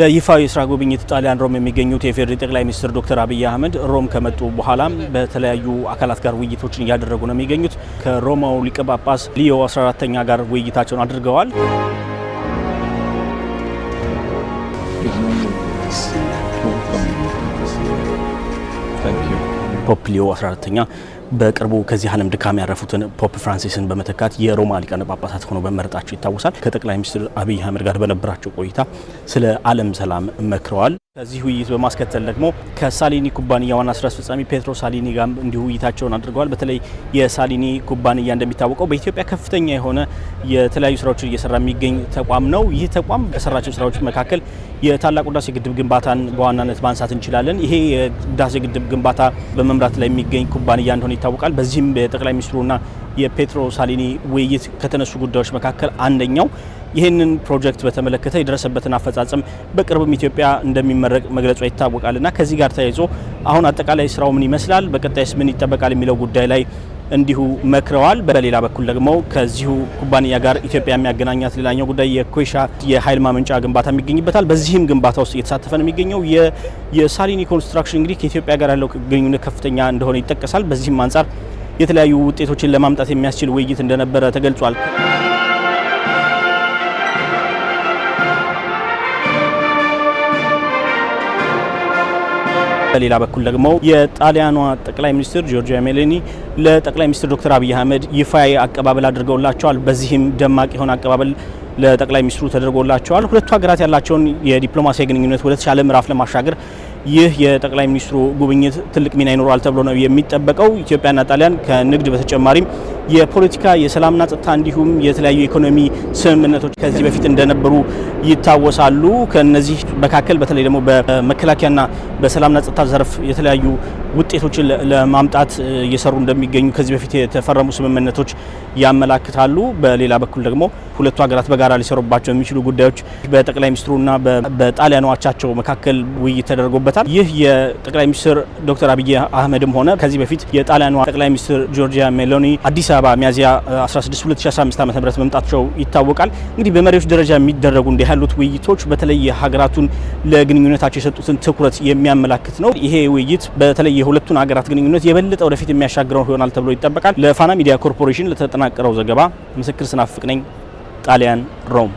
ለይፋዊ የስራ ጉብኝት ጣሊያን ሮም የሚገኙት የፌዴሪ ጠቅላይ ሚኒስትር ዶክተር አብይ አህመድ ሮም ከመጡ በኋላም በተለያዩ አካላት ጋር ውይይቶችን እያደረጉ ነው የሚገኙት። ከሮማው ሊቀ ጳጳስ ሊዮ 14ተኛ ጋር ውይይታቸውን አድርገዋል። Thank you. ፖፕ ሊዮ 14ኛ በቅርቡ ከዚህ ዓለም ድካም ያረፉትን ፖፕ ፍራንሲስን በመተካት የሮማ ሊቃነ ጳጳሳት ሆነው በመረጣቸው ይታወሳል። ከጠቅላይ ሚኒስትር አብይ አህመድ ጋር በነበራቸው ቆይታ ስለ ዓለም ሰላም መክረዋል። ከዚህ ውይይት በማስከተል ደግሞ ከሳሊኒ ኩባንያ ዋና ስራ አስፈጻሚ ፔትሮ ሳሊኒ ጋር እንዲሁ ውይይታቸውን አድርገዋል። በተለይ የሳሊኒ ኩባንያ እንደሚታወቀው በኢትዮጵያ ከፍተኛ የሆነ የተለያዩ ስራዎችን እየሰራ የሚገኝ ተቋም ነው። ይህ ተቋም ከሰራቸው ስራዎች መካከል የታላቁ ህዳሴ ግድብ ግንባታን በዋናነት ማንሳት እንችላለን። ይሄ የህዳሴ ግድብ ግንባታ በመምራት ላይ የሚገኝ ኩባንያ እንደሆነ ይታወቃል። በዚህም የጠቅላይ ሚኒስትሩና የፔትሮ ሳሊኒ ውይይት ከተነሱ ጉዳዮች መካከል አንደኛው ይህንን ፕሮጀክት በተመለከተ የደረሰበትን አፈጻጸም በቅርብም ኢትዮጵያ እንደሚመረቅ መግለጿ ይታወቃል እና ከዚህ ጋር ተያይዞ አሁን አጠቃላይ ስራው ምን ይመስላል፣ በቀጣይስ ምን ይጠበቃል የሚለው ጉዳይ ላይ እንዲሁ መክረዋል። በሌላ በኩል ደግሞ ከዚሁ ኩባንያ ጋር ኢትዮጵያ የሚያገናኛት ሌላኛው ጉዳይ የኮይሻ የኃይል ማመንጫ ግንባታ የሚገኝበታል። በዚህም ግንባታ ውስጥ እየተሳተፈ ነው የሚገኘው። የሳሊኒ ኮንስትራክሽን እንግዲህ ከኢትዮጵያ ጋር ያለው ግንኙነት ከፍተኛ እንደሆነ ይጠቀሳል። በዚህም አንጻር የተለያዩ ውጤቶችን ለማምጣት የሚያስችል ውይይት እንደነበረ ተገልጿል። በሌላ በኩል ደግሞ የጣሊያኗ ጠቅላይ ሚኒስትር ጆርጂያ ሜሌኒ ለጠቅላይ ሚኒስትር ዶክተር አብይ አህመድ ይፋ አቀባበል አድርገውላቸዋል። በዚህም ደማቅ የሆነ አቀባበል ለጠቅላይ ሚኒስትሩ ተደርጎላቸዋል። ሁለቱ ሀገራት ያላቸውን የዲፕሎማሲያዊ ግንኙነት ወደ ተሻለ ምዕራፍ ለማሻገር ይህ የጠቅላይ ሚኒስትሩ ጉብኝት ትልቅ ሚና ይኖረዋል ተብሎ ነው የሚጠበቀው። ኢትዮጵያና ጣሊያን ከንግድ በተጨማሪም የፖለቲካ የሰላምና ጸጥታ እንዲሁም የተለያዩ የኢኮኖሚ ስምምነቶች ከዚህ በፊት እንደነበሩ ይታወሳሉ። ከነዚህ መካከል በተለይ ደግሞ በመከላከያና በሰላምና ጸጥታ ዘርፍ የተለያዩ ውጤቶችን ለማምጣት እየሰሩ እንደሚገኙ ከዚህ በፊት የተፈረሙ ስምምነቶች ያመላክታሉ። በሌላ በኩል ደግሞ ሁለቱ ሀገራት በጋራ ሊሰሩባቸው የሚችሉ ጉዳዮች በጠቅላይ ሚኒስትሩና በጣሊያኑ አቻቸው መካከል ውይይት ተደርጎበታል። ይህ የጠቅላይ ሚኒስትር ዶክተር አብይ አህመድም ሆነ ከዚህ በፊት የጣሊያኗ ጠቅላይ ሚኒስትር ጆርጂያ ሜሎኒ አዲስ አበባ ሚያዝያ 16 2015 ዓ ም መምጣታቸው ይታወቃል። እንግዲህ በመሪዎች ደረጃ የሚደረጉ እንዲህ ያሉት ውይይቶች በተለይ ሀገራቱን ለግንኙነታቸው የሰጡትን ትኩረት የሚያመላክት ነው። ይሄ ውይይት በተለይ የሁለቱን ሀገራት ግንኙነት የበለጠ ወደፊት የሚያሻግረው ይሆናል ተብሎ ይጠበቃል። ለፋና ሚዲያ ኮርፖሬሽን ለተጠናቀረው ዘገባ ምስክር ስናፍቅ ነኝ። ጣሊያን ሮም